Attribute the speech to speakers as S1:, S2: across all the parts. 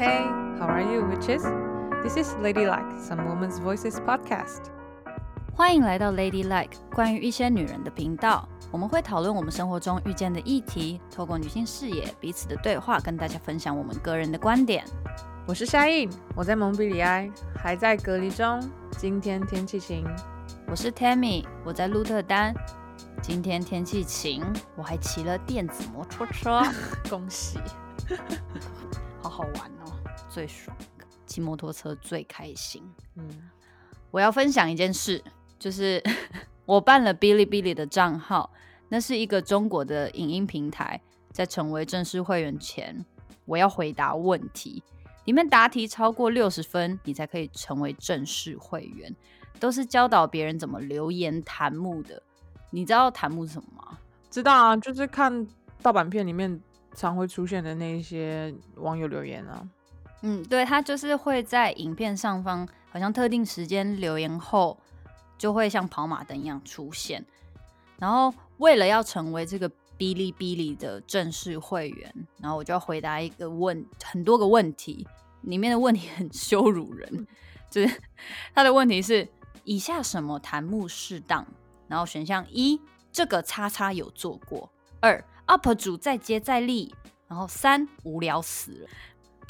S1: Hey, how are you, witches? This is Ladylike, Some Women's Voices Podcast. 歡迎來到
S2: Ladylike 關於一些女人的頻道。我們會討論我們生活中遇見的議題，透過女性視野，彼此的對話，跟大家分享我們個人的觀點。我是 Shayne，我在蒙彼利埃，還在隔離中。今天天氣晴。我是 Tammy，我在鹿特丹，今天天氣晴，我還騎了電子摩托車， 恭喜， 好好玩。最爽的，騎摩托車最開心。嗯，我要分享一件事，就是 我辦了嗶哩嗶哩的賬號，那是一個中國的影音平台。在成為正式會員前，我要回答問題，裡面答題超過六十分，你才可以成為正式會員。都是教導別人怎麼留言
S1: 彈幕的。你知道彈幕是什麼嗎？知道啊，就是看盜版片裡面常會出現的那些網友留言啊。
S2: 嗯，對，他就是會在影片上方，好像特定時間留言後，就會像跑馬燈一樣出現。然後，為了要成為這個嗶哩嗶哩的正式會員，然後我就要回答一個問，很多個問題，裡面的問題很羞辱人，嗯。就是他的問題是：以下什麼彈幕適當？然後選項一，這個叉叉有做過；二，UP 主再接再厲；然後三，無聊死了。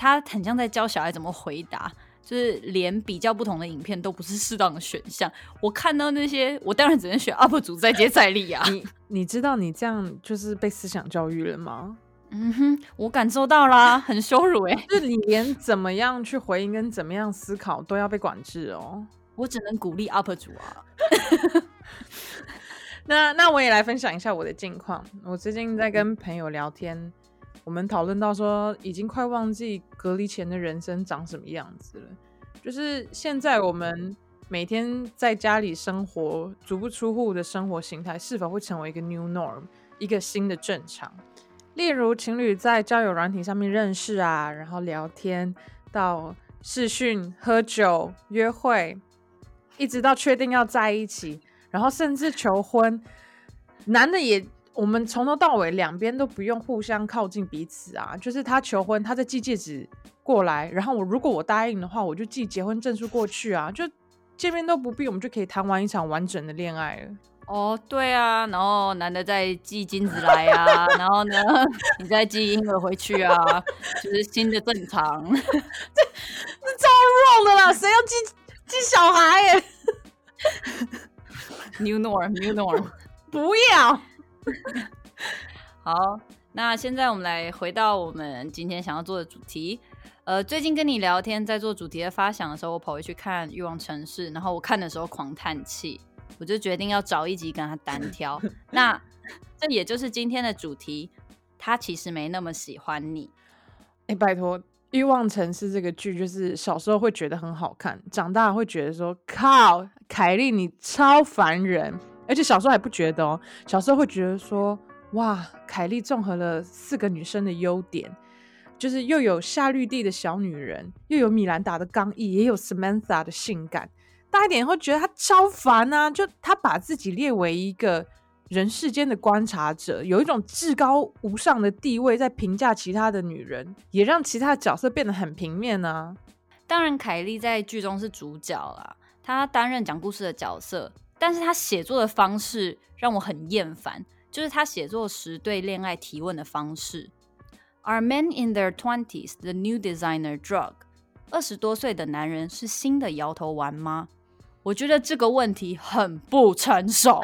S2: 他很像在教小孩怎麼回答，就是連比較不同的影片，都不是適當的選項。我看到那些，我當
S1: 然只能選 UP 主再接再厲啊。你你知道你這樣就是被思想教育了嗎？嗯哼，我感受到啦，很羞辱欸！就是你連怎麼樣去回應跟怎麼樣思考都要被管制哦。我只能鼓勵 UP 主啊。 那那我也來分享一下我的近況。我最近在跟朋友聊天。我們討論到說，已經快忘記隔離前的人生長什麼樣子了。就是現在我們每天在家裡生活、足不出戶的生活形態，是否會成為一個 new norm，一個新的正常？例如，情侶在交友軟體上面認識啊，然後聊天，到視訊、喝酒、約會，一直到確定要在一起，然後甚至求婚，男的也。我們從頭到尾兩邊都不用互相靠近彼此啊，就是他求婚，他在寄戒指過來，然後我如果我答應的話，我就寄結婚證書過去啊，就見面都不必，我們就可以談完一場完整的戀愛了。
S2: 哦，對啊，然後男的再寄金子來啊， 然後呢，你再寄嬰兒回去啊， 就是新的正常。 這,這超弱的啦，誰要寄寄小孩欸？New norm，New norm，, new norm 不,不要。 好，那現在我們來回到我們今天想要做的主題。呃，最近跟你聊天，在做主題的發想的時候，我跑回去看《慾望城市》，然後我看的時候狂嘆氣，我就決定要找一集跟他單挑。 那這也就是今天的主題，他
S1: 其實沒那麼喜歡你。哎、欸，拜託，《慾望城市》這個劇就是小時候會覺得很好看，長大會覺得說靠，凱莉你超煩人。而且小時候還不覺得哦、喔，小時候會覺得說，哇，凱莉綜合了四個女生的優點，就是又有夏綠蒂的小女人，又有米蘭達的剛毅，也有 Samantha 的性感。大一點會覺得她超煩啊，就她把自己列為一個人世間的觀察者，有一種至高無上的地位，在評價其他的女人，也讓其他的角色變得很平面啊。當然，
S2: 凱莉在劇中是主角啊，她擔任講故事的角色。但是他寫作的方式讓我很厭煩，就是他寫作時對戀愛提問的方式。Are men in their twenties the new designer drug？二十多歲的男人是新的搖頭丸嗎？我覺得這個問題很不成熟，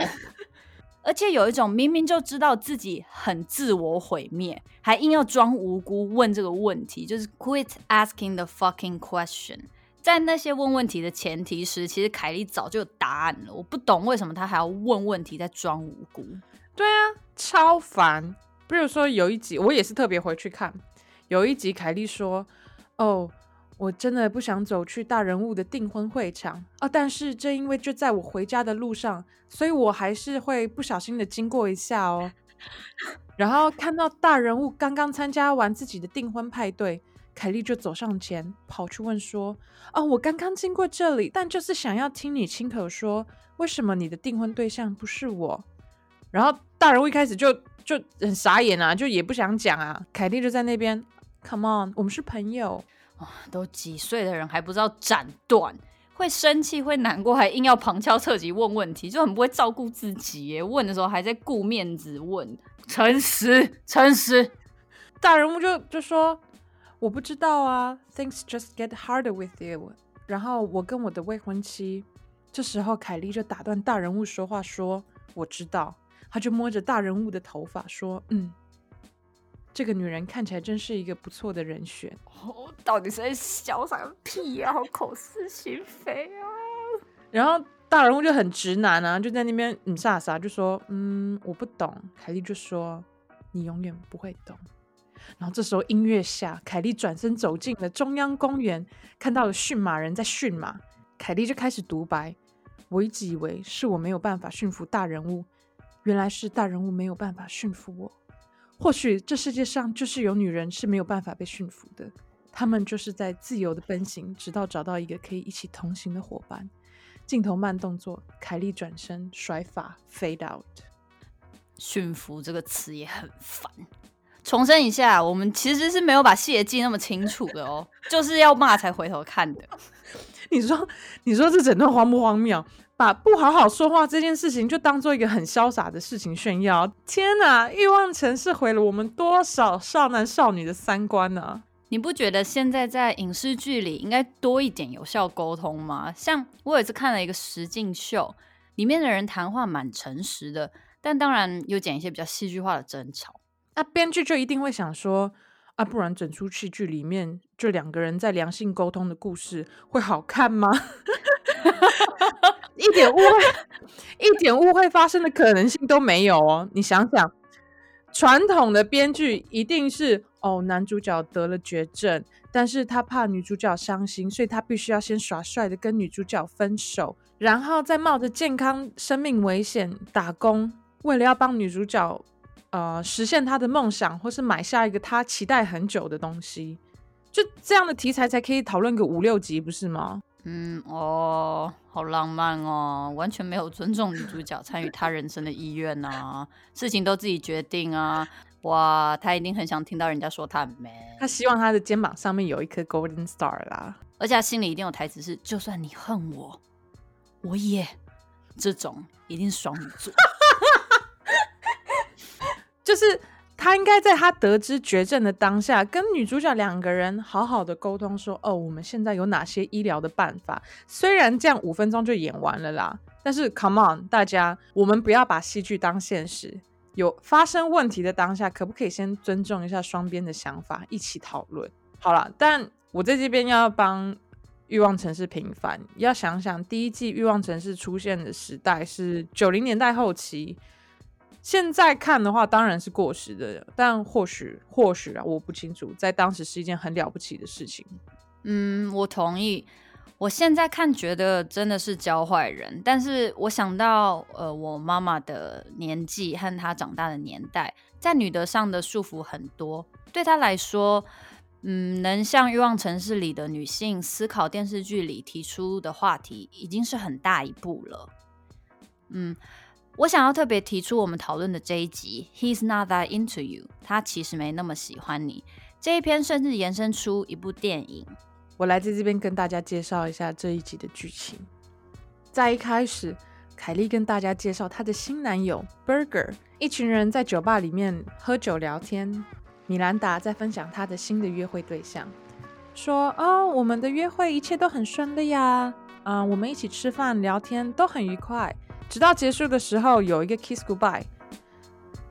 S2: 而且有一種明明就知道自己很自我毀滅，還硬要裝無辜問這個問題，就是 quit asking the fucking question。在那些問問題的前提時，其實凱莉早就有答案了。我不懂為什麼她還
S1: 要問問題，在裝無辜。對啊，超煩。比如說有一集，我也是特別回去看。有一集凱莉說：“哦，我真的不想走去大人物的訂婚會場啊，但是正因為就在我回家的路上，所以我還是會不小心的經過一下哦。”然後看到大人物剛剛參加完自己的訂婚派對。凱莉就走上前，跑去問說：“哦，我剛剛經過這裡，但就是想要聽你親口說，為什麼你的訂婚對象不是我？”然後大人物一開始就就很傻眼啊，就也不想講啊。凱莉就在那邊，come on，我們是朋友。都幾歲的人
S2: 還不知道斬斷，會生氣會難過，還硬要旁敲側擊問問題，就很不會照顧自己耶。問的時候還在顧面子問，問誠實誠實。
S1: 大人物就就說。我不知道啊，things just get harder with you。然後我跟我的未婚妻，這時候凱莉就打斷大人物說話說，說我知道。她就摸着大人物的頭髮說，嗯，這個女人看起來真是一個不錯的人選。哦
S2: ，oh, 到底是在瀟灑個屁啊！好口是心非
S1: 啊！ 然後大人物就很直男啊，就在那邊嗯啥啥就說，嗯，我不懂。凱莉就說，你永遠不會懂。然後這時候音樂下，凱莉轉身走進了中央公園，看到了馴馬人在馴馬，凱莉就開始獨白：“我一直以為是我沒有辦法馴服大人物，原來是大人物沒有辦法馴服我。或許這世界上就是有女人是沒有辦法被馴服的，她們就是在自由的奔行，直到找到一個可以一起同行的伙伴。”鏡頭慢動作，凱莉轉身甩髮，fade out。
S2: 馴服這個詞也很煩。重申一下，我們其實是沒有把細節記那麼清楚的哦， 就是要罵才回頭看的。
S1: 你說，你說這整段荒不荒謬？把不好好說話這件事情，就當做一個很瀟灑的事情炫耀。天哪、啊，慾望城市毀了我們多少少男少女的三觀呢、啊？你不覺得現在在影視劇裡應該多
S2: 一點有效溝通嗎？像我也是看了一個實境秀，裡面的人談話
S1: 蠻誠實的，但當然有講一些比較戲劇化的爭吵。那編劇就一定會想說啊，不然整出戲劇裡面這兩個人在良性溝通的故事會好看嗎？ 一點誤會，一點誤會發生的可能性都沒有哦。你想想，傳統的編劇一定是哦，男主角得了絕症，但是他怕女主角傷心，所以他必須要先耍帥的跟女主角分手，然後再冒着健康生命危險打工，為了要幫女主角，呃，實現他的夢想，或是買下一個他期待很久的東西，就這樣的題材才可以討論個五六集，不是嗎？嗯，
S2: 哦，好浪漫哦，完全沒有尊重女主角參與他人生的意願啊。事情都自己決定啊，哇，他一定很想聽到人家說他很 man，
S1: 他希望他的肩膀上面有一顆 golden star 啦，
S2: 而且他心裡一定有台詞是就算你恨我，我也，這種一定是
S1: 雙女座。 但是他應該在他得知絕症的當下，跟女主角兩個人好好的溝通，說：“哦，我們現在有哪些醫療的辦法？雖然這樣五分鐘就演完了啦，但是 come on，大家，我們不要把戲劇當現實。有發生問題的當下，可不可以先尊重一下雙邊的想法，一起討論？好啦，但我在這邊要幫慾望城市平反，要想想第一季慾望城市出現的時代是九零年代後期。”現在看的話，當然是過時的，但或許或許啊，我不清楚，在當時是一件很了不起的事情。嗯，我同意。
S2: 我現在看覺得真的是教壞人，但是我想到呃，我媽媽的年紀和她長大的年代，在女德上的束縛很多，對她來說，嗯，能像欲望城市裡的女性思考電視劇裡提出的話題，已經是很大一步了。嗯。我想要特別提出我們討論的這一集，He's Not That Into You，他其實沒那麼喜歡你。這一篇甚至延伸出一部電影，我來在這邊跟大家
S1: 介紹一下這一集的劇情。在一開始，凱莉跟大家介紹她的新男友 Burger，一群人在酒吧裡面喝酒聊天。米蘭達在分享她的新的約會對象，說：“哦，我們的約會一切都很順利呀，嗯，我們一起吃飯聊天都很愉快。”直到結束的時候，有一個 kiss goodbye。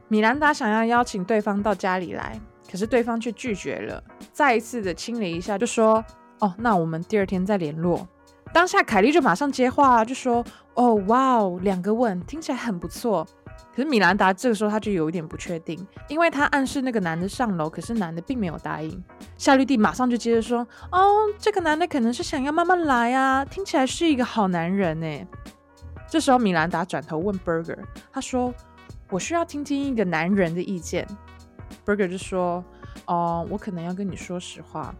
S1: 米蘭達想要邀請對方到家裡來，可是對方卻拒絕了。再一次的親了一下，就說：“哦，那我們第二天再聯絡。”當下凱莉就馬上接話，就說：“哦，哇哦，兩個吻聽起來很不錯。”可是米蘭達這個時候他就有一點不確定，因為他暗示那個男的上樓，可是男的並沒有答應。夏綠蒂馬上就接着說：“哦，這個男的可能是想要慢慢來啊，聽起來是一個好男人呢、欸。”這時候，米蘭達轉頭問 Burger，她說：“我需要聽聽一個男人的意見。” Burger 就說：“哦，我可能要跟你說實話，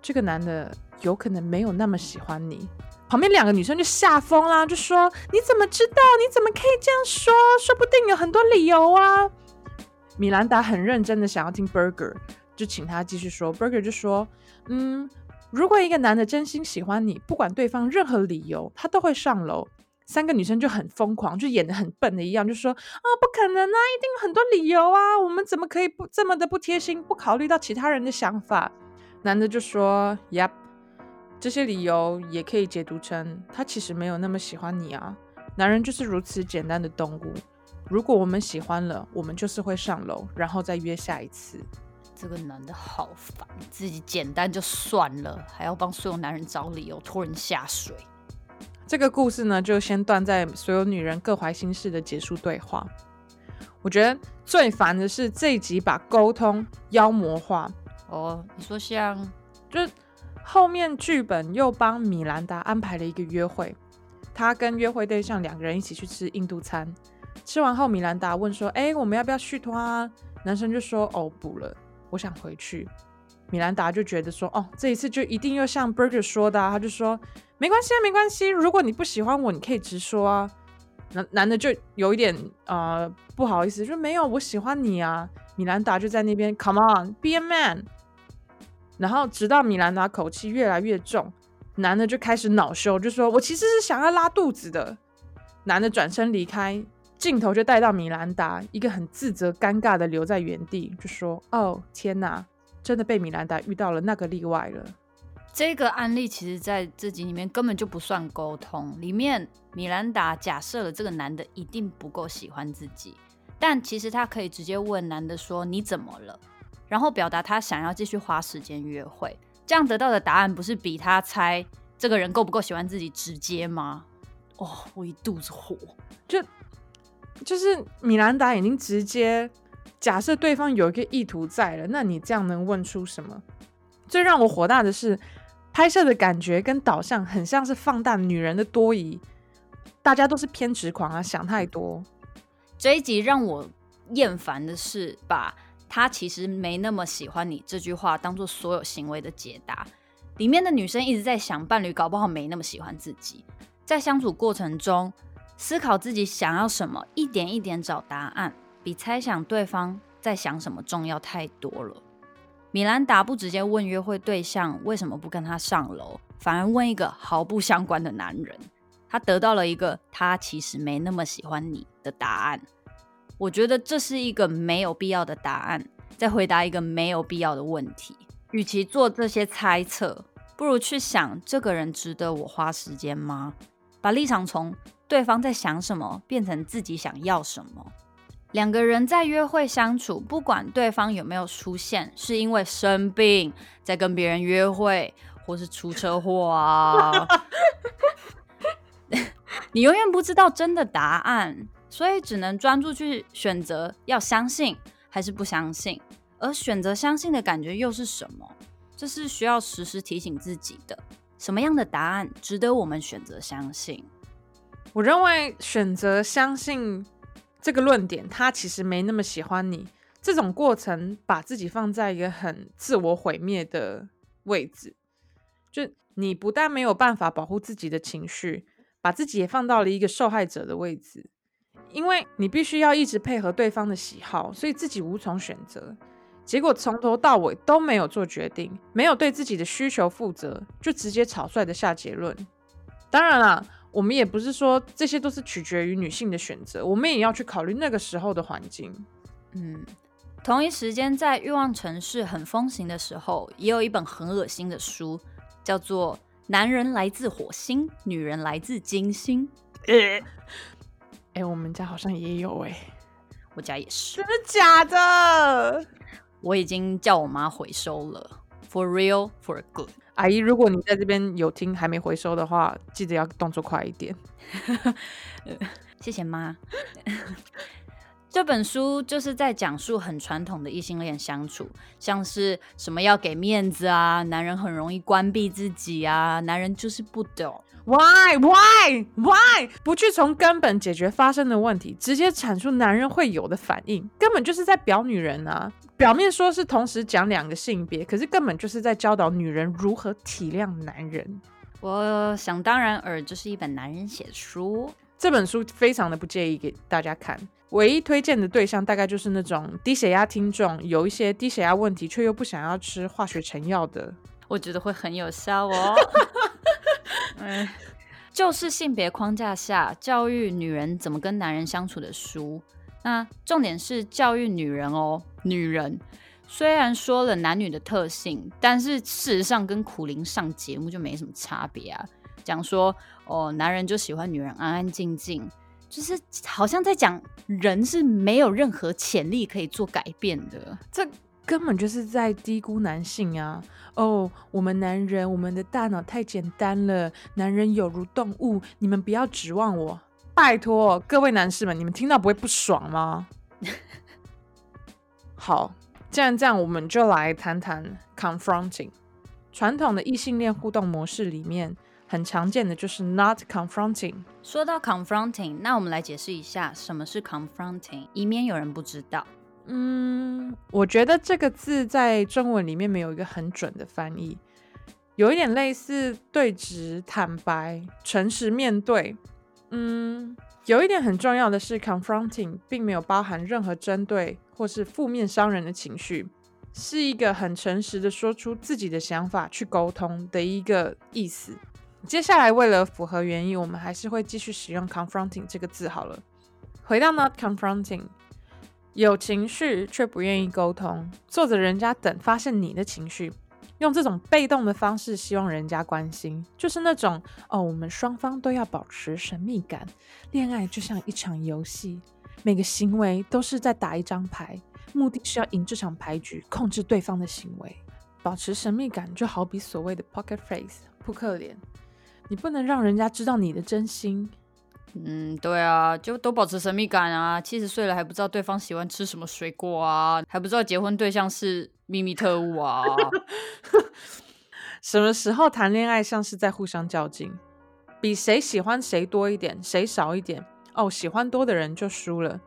S1: 這個男的有可能沒有那麼喜歡你。”旁邊兩個女生就嚇瘋啦，就說：“你怎麼知道？你怎麼可以這樣說？說不定有很多理由啊！”米蘭達很認真的想要聽 Burger，就請他繼續說。Burger 就說：“嗯，如果一個男的真心喜歡你，不管對方任何理由，他都會上樓。”三個女生就很瘋狂，就演得很笨的一樣，就說啊、哦、不可能啊，一定有很多理由啊，我們怎麼可以不這麼的不貼心，不考慮到其他人的想法？男的就說，Yep，這些理由也可以解讀成他其實沒有那麼喜歡你啊。男人就是如此簡單的動物。如果我們喜歡了，我們就是會上樓，然後再約下一次。這個男的好煩，自己簡單就算了，還要幫所有男人找理由，拖人下水。這個故事呢，就先斷在所有女人各懷心事的結束對話。我覺得最煩的是這一集把溝通妖魔化。哦，你說像，就後面劇本又幫米蘭達安排了一個約會，他跟約會對象兩個人一起去吃印度餐，吃完後米蘭達問說：“哎，我們要不要續攤啊？”男生就說：“哦，不了，我想回去。”米蘭達就覺得說：“哦，這一次就一定要像 Berger 說的啊。”他就說：“沒關係啊，沒關係。如果你不喜歡我，你可以直說啊。男”男男的就有一點啊、呃、不好意思，就說：“沒有，我喜歡你啊。”米蘭達就在那邊：“Come on, be a man。”然後直到米蘭達口氣越來越重，男的就開始惱羞，就說：“我其實是想要拉肚子的。”男的轉身離開，鏡頭就帶到米蘭達一個很自責、尷尬的留在原地，就說：“哦，天哪！”真的被米蘭達遇到了那個例外了。
S2: 這個案例其實在這集裡面根本就不算溝通。裡面米蘭達假設了這個男的一定不夠喜歡自己，但其實他可以直接問男的說：“你怎麼了？”然後表達他想要繼續花時間約會，這樣得到的答案不是比他猜這個人夠不夠喜歡自己直接嗎？哦，我一肚子火，就
S1: 就是米蘭達已經直接。假設對方有一個意圖在了，那你這樣能問出什麼？最讓我火大的是，拍攝的感覺跟導向很像是放大女人的多疑，大家都是偏執狂啊，想太多。
S2: 這一集讓我厭煩的是，把他其實沒那麼喜歡你這句話當作所有行為的解答。裡面的女生一直在想，伴侶搞不好沒那麼喜歡自己，在相處過程中思考自己想要什麼，一點一點找答案。比猜想對方在想什麼重要太多了。米蘭達不直接問約會對象為什麼不跟他上樓，反而問一個毫不相關的男人，他得到了一個他其實沒那麼喜歡你的答案。我覺得這是一個沒有必要的答案，在回答一個沒有必要的問題。與其做這些猜測，不如去想這個人值得我花時間嗎？把立場從對方在想什麼變成自己想要什麼。兩個人在約會相處，不管對方有沒有出現，是因為生病，在跟別人約會，或是出車禍啊， 你永遠不知道真的答案，所以只能專注去選擇要相信還是不相信。而選擇相信的感覺又是什麼？這是需要時時提醒自己的。什麼樣
S1: 的答案值得我們選擇相信？我認為選擇相信這個論點，他其實沒那麼喜歡你。這種過程，把自己放在一個很自我毀滅的位置，就你不但沒有辦法保護自己的情緒，把自己也放到了一個受害者的位置，因為你必須要一直配合對方的喜好，所以自己無從選擇。結果從頭到尾都沒有做決定，沒有對自己的需求負責，就直接草率地下結論。當然了。我們也不是說這些都是取決於女性的選擇，我們也要去考慮那個時候的環境。嗯，
S2: 同一時間在欲望城市很風行的時候，也有一本很惡心的書，叫做《男人來自火星，女人來自金星》。誒、欸。哎、欸，我們家好像也有哎、欸，我家也是，真的假的？我已經
S1: 叫我媽回收了，for real, for good。阿姨，如果你在這邊有聽還沒回收的話，記得要動作快一點。 謝謝媽媽。
S2: 這本書就是在講述很傳統的異性戀相處，像是什麼要給面子啊，男人很容易關閉自己啊，男人
S1: 就是不懂，why why why，不去從根本解決發生的問題，直接闡述男人會有的反應，根本就是在表女人啊。表面說是同時講兩個性別，可是根本就是在教導女人如何體諒男人。我想當然爾，就是一本男人寫的書。這本書非常的不建議給大家看。唯一推薦的對象大概就是那種低血壓聽眾，有一些低血壓問題卻又不想要吃化學成藥的，我覺得會很有效哦。
S2: 就是性別框架下教育女人怎麼跟男人相處的書。那重點是教育女人哦。女人雖然說了男女的特性，但是事實上跟苦苓上節目就沒什麼差別啊。講說哦，男人就喜歡女人安安靜靜。就是好像
S1: 在講人
S2: 是沒有任何潛力可以做改變的，
S1: 這根本就是在低估男性啊！哦、oh，我們男人，我們的大腦太簡單了，男人有如動物，你們不要指望我，拜托各位男士們，你們聽到不會不爽嗎？ 好，既然這樣，我們就來談談 confronting 傳統的異性戀互動模式裡面。很常見的就是 not confronting。說到 confronting，那我們來解釋一下什麼是 confronting，以免有人不知道。嗯，我覺得這個字在中文裡面沒有一個很準的翻譯，有一點類似對質、坦白、誠實面對。嗯，有一點很重要的是，confronting 並沒有包含任何針對或是負面傷人的情緒，是一個很誠實的說出自己的想法去溝通的一個意思。接下來，為了符合原意，我們還是會繼續使用 confronting 這個字好了。回到 not confronting，有情緒卻不願意溝通，坐着人家等發現你的情緒，用這種被動的方式希望人家關心，就是那種哦，我們雙方都要保持神秘感。戀愛就像一場遊戲，每個行為都是在打一張牌，目的是要贏這場牌局，控制對方的行為，保持神秘感就好比所謂的 poker face 撲克臉。你不能讓人家知道你的真心。嗯，
S2: 對啊，就都保持神秘感啊。七十歲了還不知道對方喜歡吃什麼水果啊，還不知道結婚對象是
S1: 秘密特務啊。 什麼時候談戀愛像是在互相較勁，比誰喜歡誰多一點，誰少一點？哦，喜歡多的人就輸了。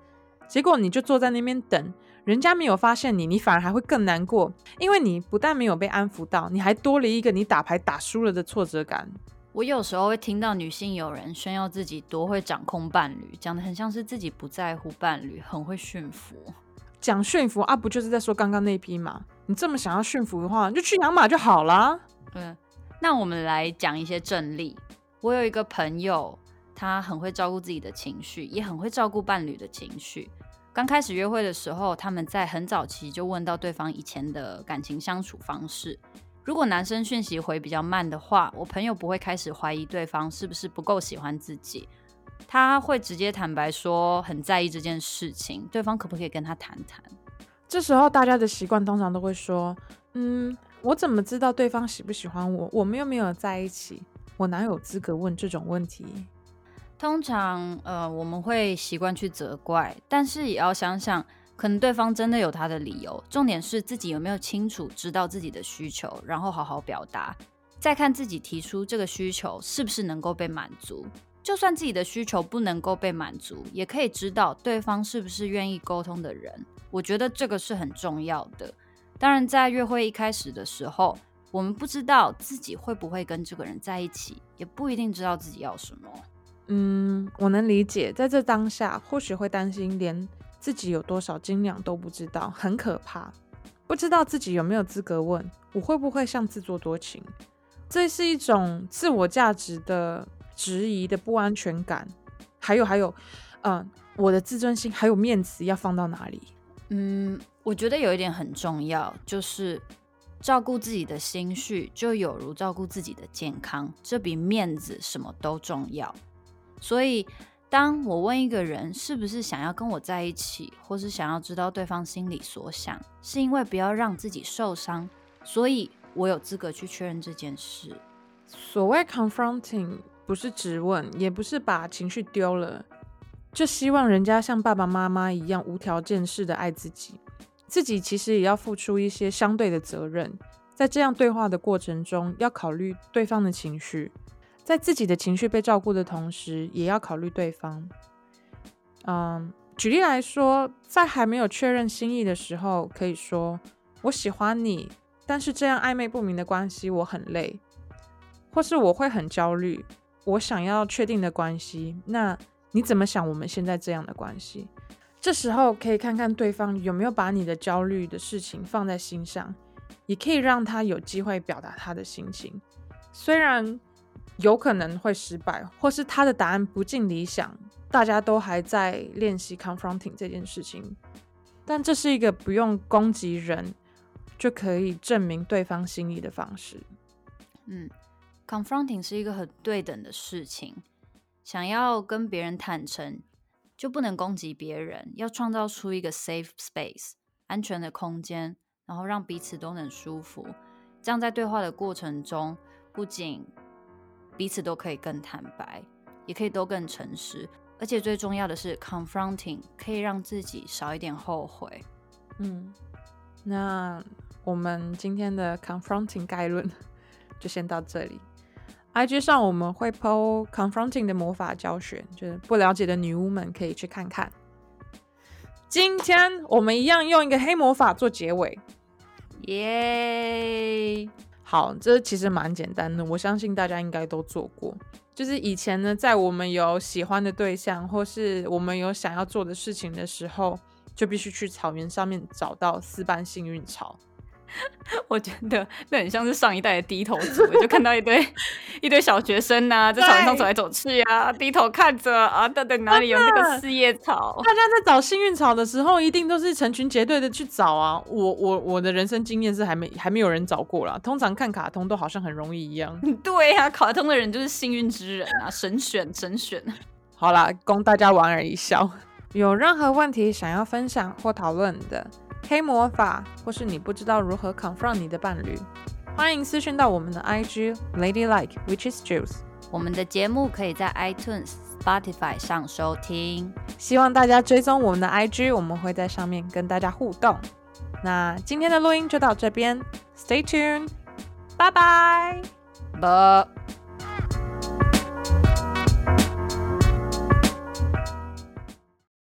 S1: 結果你就坐在那邊等，人家沒有發現你，你反而還會更難過，因為你不但沒有被安撫到，你還多了一個你打牌打輸了的挫折感。
S2: 我有時候會聽到女性友人炫耀自己多會掌控伴侶，講的很像是自己
S1: 不在乎伴侶，很會馴服。講馴服啊，不就是在說剛剛那匹馬？你這麼想要馴服的話，你就去養馬就好啦。
S2: 對，那我們來講一些正例。我有一個朋友，他很會照顧自己的情緒，也很會照顧伴侶的情緒。剛開始約會的時候，他們在很早期就問到對方以前的感情相處方式。如果男生訊息回比較慢的話，我朋友不會開始懷疑對方是不是不夠喜歡自己，他會直接坦白說很在意這件事情，對方可不可以跟他談談？
S1: 這時候大家的習慣通常都會說，嗯，我怎麼知道對方喜不喜歡我？我們又沒有在一起，我哪有資格問這種問題？
S2: 通常，呃，我們會習慣去責怪，但是也要想想。可能對方真的有他的理由，重點是自己有沒有清楚知道自己的需求，然後好好表達，再看自己提出這個需求是不是能夠被滿足。就算自己的需求不能夠被滿足，也可以知道對方是不是願意溝通的人。我覺得這個是很重要的。當然，在約會一開始的時候，我們不知道自己會不會跟這個人在一起，
S1: 也不一定知道自己要什麼。嗯，我能理解，在這當下，或許會擔心連。自己有多少斤兩都不知道，很可怕。不知道自己有沒有資格問，我會不會像自作多情？這是一種自我價值的質疑的不安全感。還有還有，嗯、呃，我的自尊心還有面子要放到哪裡？嗯，我覺得有一點很重要，
S2: 就是照顧自己的心緒，就有如照顧自己的健康，這比面子什麼都重要。所以。當我問一個人是不是想要跟我在一起，或是想要知道對方心裡所想，是因為不要讓自
S1: 己受傷，所以我有資格去確認這件事。所謂 confronting 不是質問，也不是把情緒丟了，就希望人家像爸爸媽媽一樣無條件式的愛自己，自己其實也要付出一些相對的責任。在這樣對話的過程中，要考慮對方的情緒。在自己的情緒被照顧的同時，也要考慮對方。嗯，舉例來說，在還沒有確認心意的時候，可以說“我喜歡你”，但是這樣曖昧不明的關係我很累，或是我會很焦慮，我想要確定的關係。那你怎麼想？我們現在這樣的關係？這時候可以看看對方有沒有把你的焦慮的事情放在心上，也可以讓他有機會表達他的心情。雖然，有可能會失敗，或是他的答案不盡理想。大家都還在練習 confronting 這件事情，但這是一個不用攻擊人就可以證明對方心意的方式。嗯，confronting 是一
S2: 個很對等的事情。想要跟別人坦誠，就不能攻擊別人，要創造出一個 safe space 安全的空間，然後讓彼此都能舒服。這樣在對話的過程中，不僅彼此都可以更坦白，也可以都更誠實，而且最重要的是，confronting
S1: 可以讓自己少一點後悔。嗯，那我們今天的 confronting 概論就先到這裡。IG 上我們會 po confronting 的魔法教學，就是不了解的女巫們可以去看看。今天我們一樣用一個黑魔法做結尾。耶！好，這其實蠻簡單的，我相信大家應該都做過。就是以前呢，在我們有喜歡的對象，或是我們有想要做的事情的時候，就必須去草原上面找到四瓣幸運草。我覺得那很像是上一代的低頭族， 就看到一堆一堆小
S2: 學生啊，在草原上走來走去啊，低頭看着啊，等等哪裡有那個四葉草？
S1: 大家在找幸運草的時候，一定都是成群結隊的去找啊。我我我的人生經驗是還沒還沒有人找過啦。通常看卡通都好像很容易一樣。
S2: 對呀、啊，卡通的人就是幸運之人啊，神選神選。
S1: 好啦，供大家莞爾一笑。 有任何問題想要分享或討論的？黑魔法，或是你不知道如何 confront 你的伴侶，歡迎私訊到我們的 IG ladylikewitchesjuice。
S2: 我們的節目可以在 iTunes、Spotify 上收聽，
S1: 希望大家追蹤我們的 IG，我們會在上面跟大家互動。那今天的錄音就到這邊，Stay tuned，拜拜，bye。